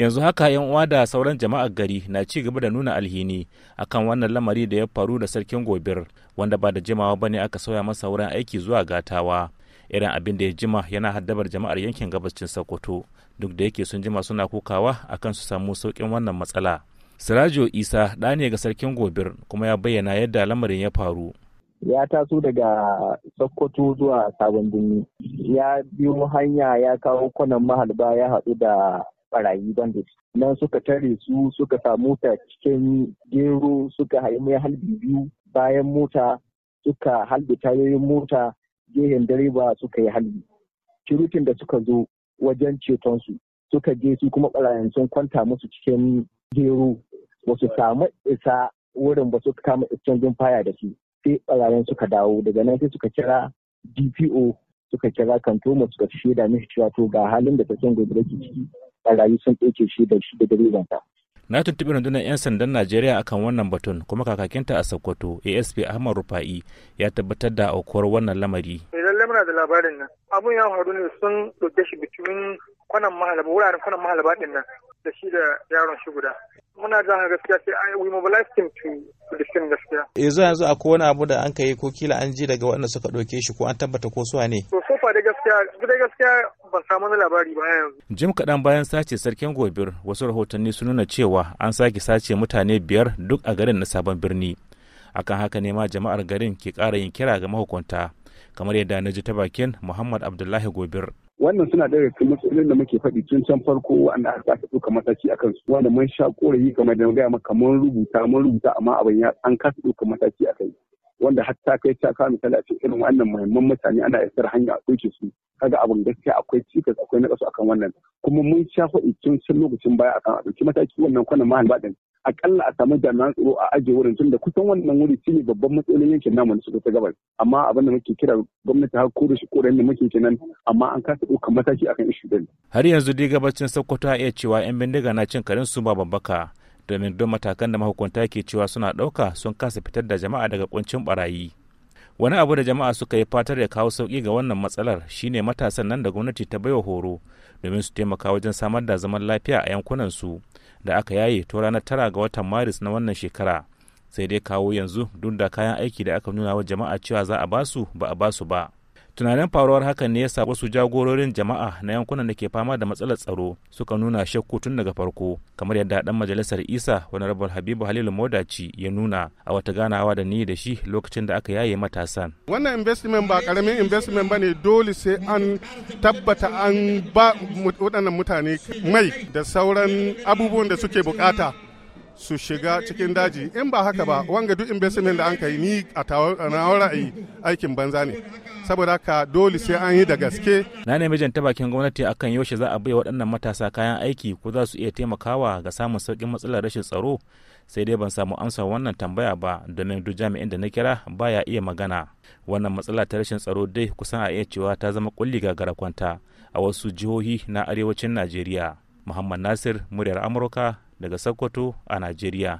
yanzu haka yan uwa da sauran jama'ar gari na ci gaba da nuna alhini akan wannan lamari da ya faru da sarkin gobir wanda ba da jimawa bane aka sauya masa wurin aiki zuwa gatawa irin abin da ya jima yana haddabar jama'ar yankin gabashin sokoto duk da yake sun jima suna kukawa akan su samu saukin wannan matsala sirajo isa ɗa ne ga sarkin gobir kuma ya bayyana yadda lamarin ya faru ya taso daga sokoto zuwa sabon dumi ya biyo hanya ya kawo kwanan mahalba ya haɗu da barayi nan suka tare su suka samu mota cikin gero suka haimai halbi biyu bayan mota suka halbi tayoyin mota gehen direba suka yi halbi kirutin da suka zo wajen ceton su suka je su kuma barayin sun kwanta musu cikin gero ba su samu isa wurin ba su kama exchanging faya da su sai barayin suka dawo daga nan sai suka kira dpo suka kira kantoma suka shaida mishi cewa to ga halin da ta san gobe ciki ɓarayi sun ɗauke shi da shi da direbansa. na tuntuɓi rundunar 'yan sandan najeriya akan wannan batun kuma kakakinta a sokoto asp ahmad rufa'i ya tabbatar da aukuwar wannan lamari idan eh, lamura da labarin nan abun ya faru ne sun ɗauke shi bitumin kwanan mahalaba wuraren kwanan mahalaba ɗin nan da shi da yaron shi guda muna da gaskiya sai ai we mobilize him to defend gaskiya yanzu eh, yanzu akwai wani abu da an kai ko kila an ji daga wanda suka ɗauke shi ko an tabbata ko suwa ne to gaskiya gaskiya samu labari ba yanzu. Jim kaɗan bayan sace sarkin gobir wasu rahotanni sun nuna cewa an sake sace mutane biyar duk a garin na sabon birni. Akan haka ne ma jama'ar garin ke ƙara yin kira ga mahukunta kamar yadda na ji ta bakin Muhammad Abdullahi Gobir. wannan suna daga cikin matsalolin da muke faɗi tun can farko wanda aka sake ɗauka mataki a kansu wanda mun sha ƙorafi game da gaya maka mun rubuta mun rubuta amma abin ya an kasa ɗauka mataki a kai wanda har ta kai ta kawo misali a cikin irin wannan muhimman mutane ana isar hanya a ɗauke su kaga abin gaskiya akwai cikas akwai ƙasa akan wannan kuma mun sha faɗi tun lokacin baya akan a ɗauki mataki wannan kwanan mahal baɗin akalla a samu jami'an tsaro a ajiye wurin tun da kusan wannan wuri shi ne babban matsalolin yankin namu na suka ta gabas amma abin da muke kira gwamnati har ko da shi koren da muke kenan amma an kasa ɗaukar mataki akan ishu din har yanzu dai gabacin sokoto a iya cewa yan bindiga na cin karin su ba babbaka da don matakan da mahukunta ke cewa suna ɗauka sun kasa fitar da jama'a daga kuncin barayi wani abu da jama'a suka yi fatar ya kawo sauƙi ga wannan matsalar shine matasan nan da gwamnati ta baiwa horo domin su taimaka wajen samar da zaman lafiya a yankunan su da aka yaye to ranar tara ga watan maris na wannan shekara sai dai kawo yanzu duk da kayan aiki da aka nuna wa jama'a cewa za a basu ba a basu ba tunanin faruwar hakan ne ya sa wasu jagororin jama'a na yankunan da ke fama da matsalar tsaro suka nuna shakku tun daga farko kamar yadda dan majalisar isa wani rabar habibu halilu modaci ya nuna a wata ganawa da ni da shi lokacin da aka yaye matasan wannan investment ba karamin investment ba ne dole sai an tabbata an ba waɗannan mutane mai da sauran abubuwan da suke bukata su shiga cikin daji in ba haka ba wanga duk investment da an kai ni a tawar ra'ayi aikin banza ne saboda ka dole sai an yi da gaske na nemi jan ta bakin gwamnati akan yaushe za a bai waɗannan matasa kayan aiki ko za su iya taimakawa ga samun sauƙin matsalar rashin tsaro sai dai ban samu amsa wannan tambaya ba domin duk jami'in da na kira ba ya iya magana wannan matsala ta rashin tsaro dai kusan a iya cewa ta zama kulli gagara kwanta a wasu jihohi na arewacin najeriya muhammad nasir muryar amurka daga Sokoto a Najeriya.